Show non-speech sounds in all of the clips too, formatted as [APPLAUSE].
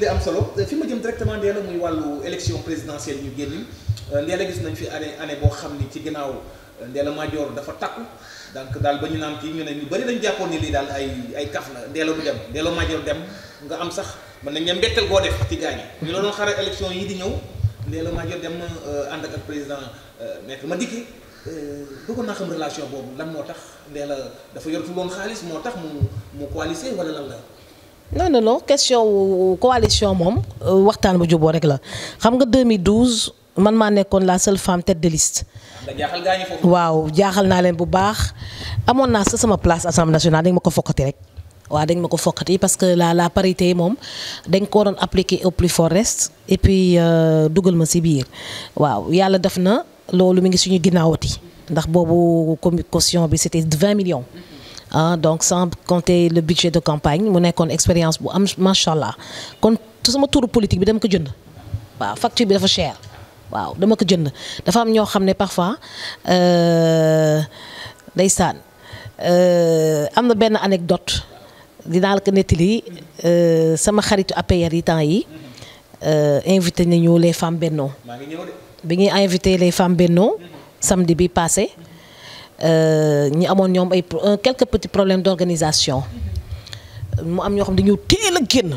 li am solo fi ma jëm directement Ndella muy wàllu élection présidentielle ñu génn euh, Ndella gis nañ fi année année boo xam ni ci ginnaaw euh, Ndella Madior dafa takku donc daal ba ñu naan kii ñu ne ñu bëri dañ jàppoon ni lii daal ay ay kaf la Ndella du dem Ndella Madior dem nga am sax mën nañ ne mbetteel goo def ci gaañi ñu la doon xaare yi di ñëw Ndella Madior dem euh, ànd ak ak président Maître Madické bëggoon naa xam relation boobu lan moo tax Ndella dafa yorutul woon xaalis moo tax mu mu coalisé wala lan la non non non question wu coalition moom euh, waxtaan bu juboo rek la xam nga 2012 man maa nekkoon la seule femme tête de liste. waaw jaaxal naa leen bu baax. amoon naa sa sama place assemblée nationale dañ ma ko fokkati rek. waaw dañ ma ko fokkati parce que la la parité moom dañ ko doon appliquer au plus fort reste et puis euh, dugal ma si biir waaw yàlla def na loolu mu ngi suñu ginnaawati ndax boobu communication bi c'était 20 millions. ah donc sans compter le budget de campagne mu nekkoon expérience bu am macha allah kon sama turu politique bi dama ko jënd waaw facture bi dafa cher waaw dama ko jënd dafa am ñoo xam ne parfois euh, ndeysaan euh, am na benn anecdote dinaa la ko nettali euh, sama xaritu APR yi temps yi invité nañu les femmes Benno bi ñuy invité les femmes Benno samedi bi passé Euh, ñi amoon ñoom ay euh, quelques petits problèmes d'organisation mu am ñoo xam dañoo teel a génn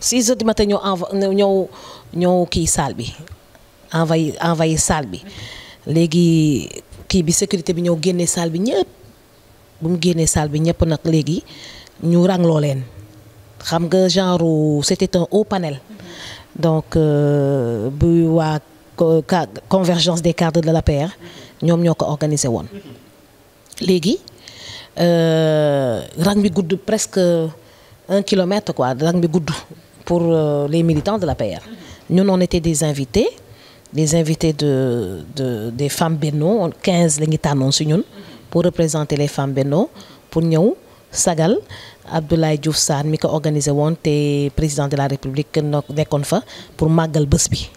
6 heures du matin ñoo env ñëw ñëw kii salle bi envahi envahi salle bi léegi kii bi sécurité bi ñëw génne salle bi ñëpp bu mu génnee salle bi ñëpp nag léegi ñu rangloo leen xam nga genre c'était un haut panel donc euh, bu waa convergence des cadres de la l'APR ñoom ñoo ko organisé woon léegi euh, rang bi gudd presque un kilomètre quoi rang bi gudd pour euh, les militants de la l'APR ñun on était des invités des invités de de des femmes Benno 15 la ñu tànnoon si ñun pour représenter les femmes Benno pour ñëw sagal Abdoulaye Diouf saan mi ko organisé woon te président de la République nekkoon fa pour màggal bës bi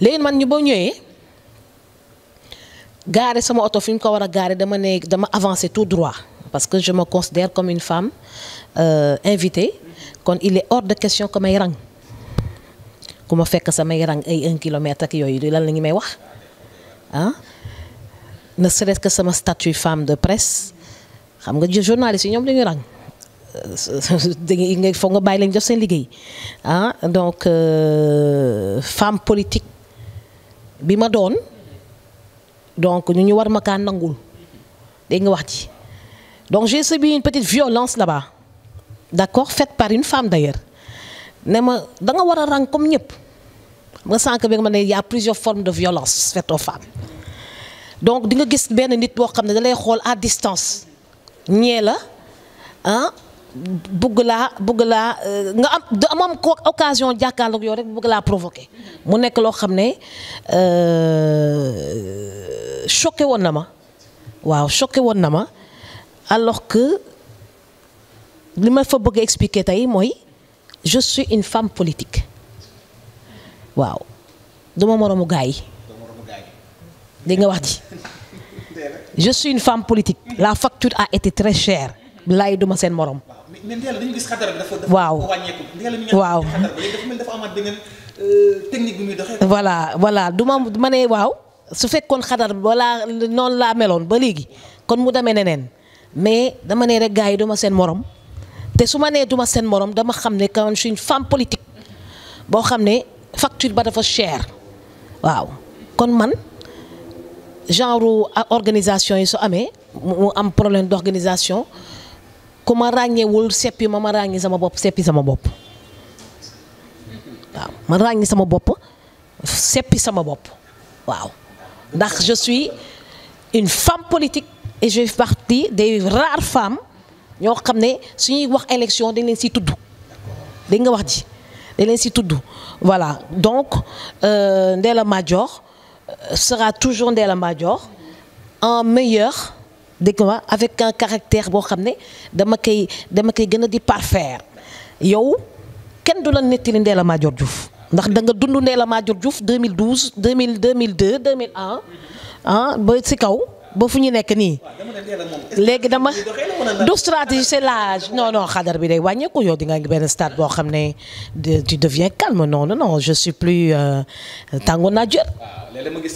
léegi man ñu ba ñëwee gaare sama oto fi ñu ko war a gaare dama ne dama avancer tout droit parce que je me considère comme une femme euh, invité kon il est hors de question que may rang ku ma fekk samay rang ay un kilomètre ak yooyu lan la may wax ah ne serait-ce que sama statut femme de presse xam nga journaliste yi ñoom dañuy rang [LAUGHS] dañuy foog nga bàyyi lañ def seen liggéey ah donc euh, femme politique bi ma doon. donc ñu ñu war ma kaa nangul dégg nga wax ci donc j'ai subi une petite violence la bas d'accord faite par une femme d'ailleurs ne ma da nga war a rang comme ñëpp nga sànq bi nga ma ne y a plusieurs formes de violence faites aux donc di nga gis benn nit boo xam ne da xool à distance ñee la ah bugg laa bugg laa euh, nga am du am ko occasion jàkkaarloog yow rek bugg laa provoqué mu nekk loo xam ne euh, choqué woon na ma waaw choqué woon na ma alors que li ma fa bëgg expliquer tey mooy je suis une femme politique waaw duma moroomu gaay yi dégg nga wax ji je suis une femme politique la facture a été très chère laay duma seen morom waaw waaw dafa amaat euh, voilà du ma ma ne waaw su fekkoon xadar bi balaa noonu laa meloon ba léegi kon mu demee neneen mais dama ne rek gars yi duma seen moroom te su ma nee duma seen moroom dama xam ne quand je suis une politique boo xam ne facture ba dafa cher waaw kon man genre organisation yi su amee mu am problème d'organisation. ku ma ràññeewul seppi ma ma ràññi sama bopp seppi sama bopp waaw ma ràññi sama bopp seppi sama bopp waaw ndax je suis une femme politique et je fais partie des rares ñoo xam ne suñuy wax élection dañ leen siy tudd dañ nga wax ji dañ leen siy tudd voilà donc euh, Ndella Madior euh, sera toujours la Madior en meilleur dégg nga avec un caractère boo xam ne dama koy dama koy gën a di parfaire yow kenn du la nettali la Madior Diouf ndax da nga dund Ndella Madior Diouf 2012 2000 2002 2001 ah ba si kaw. ba fu ñu nekk nii léegi dama du stratégie c'est l'âge non non xadar bi day wàññeeku yow di nga benn stade boo xam ne tu deviens calme non non non je suis plus euh, tàngoor naa jër. waaw léeg-léeg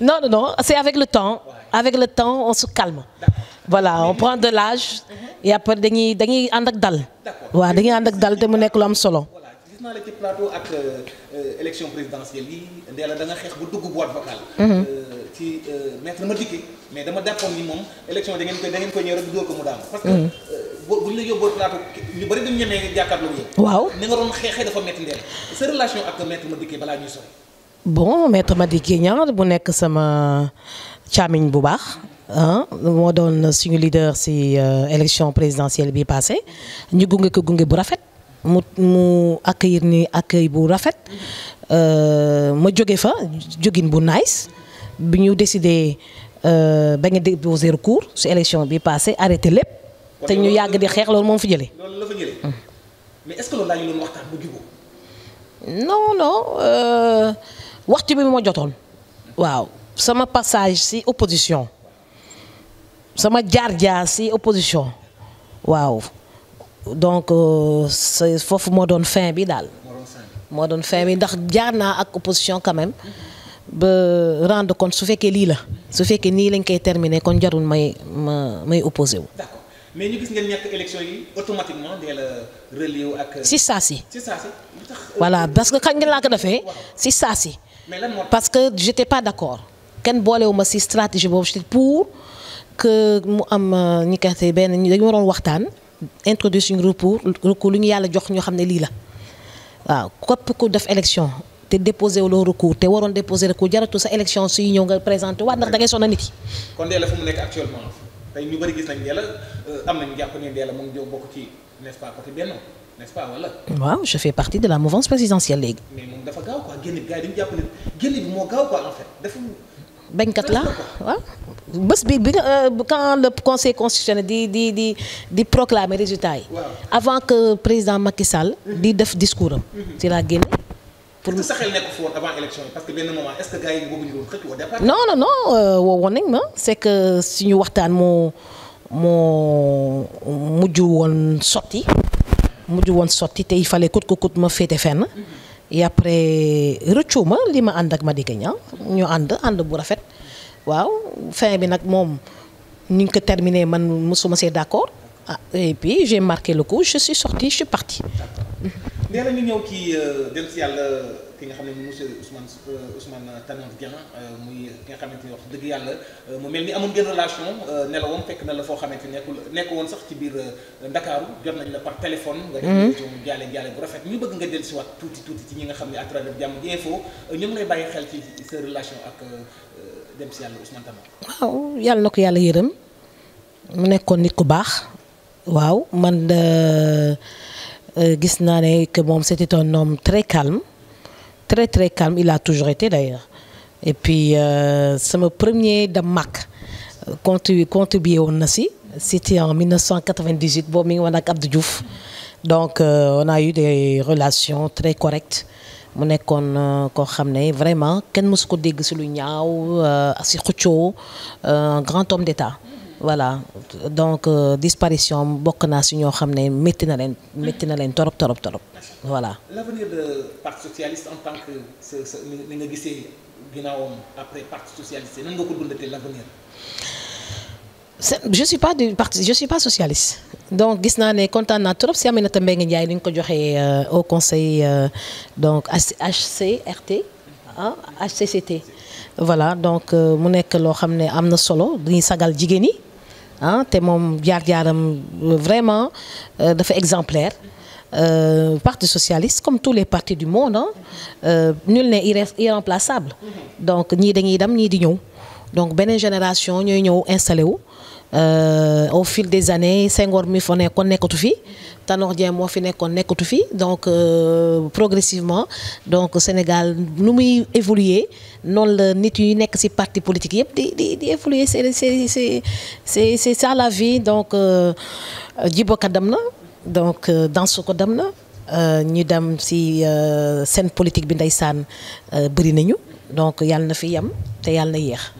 ma avec le temps avec le temps on se calme. voilà on prend de l'âge mhm. et après dañuy dañuy ànd ak dal. waaw dañuy ak dal te mu nekk lu am solo. gis naa la ci plateau ak euh, euh, élection présidentielle yi Ndella da nga xeex bu dugg boîte vocale. Mhm. Euh, ci maître Madické mais dama jàppoon ni moom élection da koy da koy ñëw rek dóor ko mu daanu. parce que mhm. bu ñu la yóbboo plateau ñu bari dañu ñemee jàkkaarloo yëpp. waaw ni nga doon xeexee dafa métti Ndella sa relation ak maître Madické balaa ñuy sori. bon maître Madické Niang bu nekk sama càmmiñ bu baax. moo doon suñu leader si élection présidentielle bi passé ñu gunge ko gunge bu rafet. mu mu accueillir ni accueil bu rafet euh, ma jóge fa jógin bu nice bi ñu décidé euh, ba nga déposer recours su élection bi passé arrêté lépp. te ñu yàgg di xeex loolu moom fi jëlee. loolu la fa jëlee. Hmm. non non euh, waxtu bi ma jotoon. waaw sama passage si opposition. sama jaar-jaar si opposition. waaw. donc euh, c'est foofu moo doon fin bi daal. moo doon fin bi ndax jaar naa ak opposition quand ba rendre compte su fekkee lii la. su fekkee nii lañ koy terminer kon jarul may ma may opposé wu. d'accord yi automatiquement si euh, voilà parce que kañ ngeen laa ko defee. si saa si. parce que j'étais pas d'accord. kenn boolewuma si stratégie boobu pour que mu am euh, ñi kay benn dañu waroon waxtaan. introduire suñu recours recours lu ñu yàlla jox ñoo xam ne lii la waaw képp ku def élection te déposé loo recours te waroon déposé recours jaratu sa élection suy ñëw nga présenté da ngay sonna nit yi. kon Ndella fu mu nekk actuellement tey ñu euh, waaw je fais partie de la mouvance présidentielle léegi. mais moom dafa gaaw quoi génn bi bi moo gaaw quoi en fait dafa. bañkat la waaw bés bi bi euh, quand le conseil constitutionnel di di di di proclamer résultat yi. avant que président Macky Sall. di mm-hmm. def discours am. ci laa génne. pour sa xel nekk est que euh, ma c'est que suñu waxtaan moo moo mujj woon sotti mujj woon sotti tey il fallait coûte que coûte ma féete fenn. Mm-hmm. et après rëccu ma li ma ànd ak Madické Niang ñu ànd ànd bu rafet waaw fin bi nag moom ni ñu ko terminé man mosuma see d'accord ah et puis j'ai marqué le coup je suis sortie je partie. ki nga xam ne monsieur Ousmane euh, Ousmane Tanor Dieng euh, muy ki nga xamante ni wax dëgg yàlla euh, mu mel ni amoon ngeen relation nelawam fekk na la foo xamante ni nekkul nekk woon sax ci biir Ndakaaru jot nañ la par téléphone. nga def mhm. jaale jaale bu rafet nga dellu si tuuti tuuti xam ne à travers jàmm ji info ñu xel ci sa dem si yàlla Ousmane Tanor. waaw yàlla na ko yàlla yërëm mu nekkoon nit ku baax. waaw man gis naa ne que moom c'était un homme très calme. très très calme il a toujours été d'ailleurs et puis euh, sama premier dem mag contribué contribué woon na si c'était en 1998 boobu mi ngi woon ak Abdou Diouf donc euh, on a eu des relations très correctes mu nekkoon euh, koo xam ne vraiment kenn mësu ko dégg si lu ñaaw euh, si xuccoo euh, un grand homme d'État voilà donc euh, disparition bokk naa si ñoo xam ne métti na leen métti na leen torop torop torop voilà. l'avenir de parti socialiste en tant que sa sa je suis pas du parti je suis pas socialiste donc gis naa ne kontaan naa trop si Aminata Mbengue Ndiaye li ñu ko joxee euh, au conseil euh, donc HCRT ah HCCT voilà donc mu nekk loo xam ne am na solo dañuy sagal jigéen ñi. ah te moom jaar-jaaram euh, vraiment euh, dafa exemplaire euh, parti socialiste comme tous les partis du monde ah nul n'est irremplaçable donc ñii dañuy dem ñii di ñëw donc beneen génération ñooy ñëw installé wu Euh, au fil des années Senghor mi fa nekkoon nekkatu fi Tanor Dieng moo fi nekkoon nekkatu fi donc euh, progressivement donc Sénégal nu muy évoluer noonu la nit yu nekk ci parti politique yëpp di di di évoluer c'est c'est c'est la vie donc euh, Djibo Ka dem na donc Dansokho ko dem na ñu dem ci seen politique bi ndeysaan bëri nañu donc yàlla na fi yem te yàlla na yéex.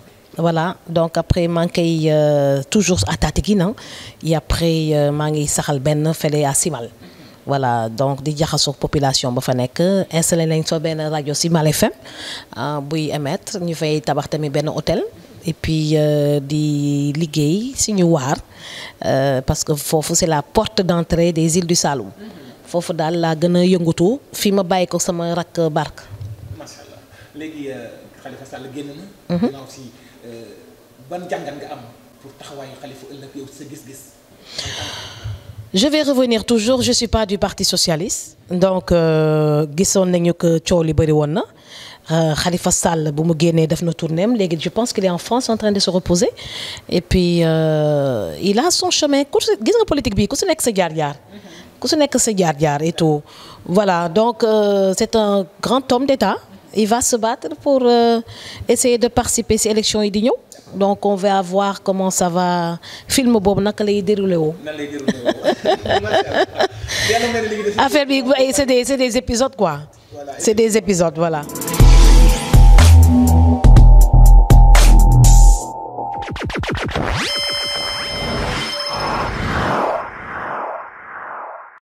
voilà donc après maa ngi koy euh, toujours à Tataguine et après euh, maa ngi saxal benn fële à Simal voilà donc di jaxasoo population ba fa nekk installé nañ soo benn rajo Simal FM euh, buy émettre ñu fay tabax tamit benn hôtel et puis di liggéey suñu waar parce que foofu c'est la porte d'entrée des îles du Saloum foofu daal laa gën a yëngatu fi ma bàyyi ko sama rakk bark Euh, ban jàngat nga am pour taxawaayu xalifa ëllëg yow gis-gis. je vais revenir toujours je suis pas du parti socialiste donc euh, gisoon nañu que coow li bëri woon na euh, Khalifa Sall bu mu génnee def na tournée am léegi je pense qu'il est en France en train de se reposer et puis euh, il a son chemin ku gis nga politique bi ku su nekk sa jaar-jaar. ku su nekk sa jaar-jaar et tout voilà donc euh, c'est un grand homme d'État. il va se battre pour euh, essayer de participer si élection yi di ñëw donc on va voir comment ça va film boobu naka lay déroulé woo. [LAUGHS] affaire bi c'est des c'est des épisodes quoi. c'est des épisodes voilà.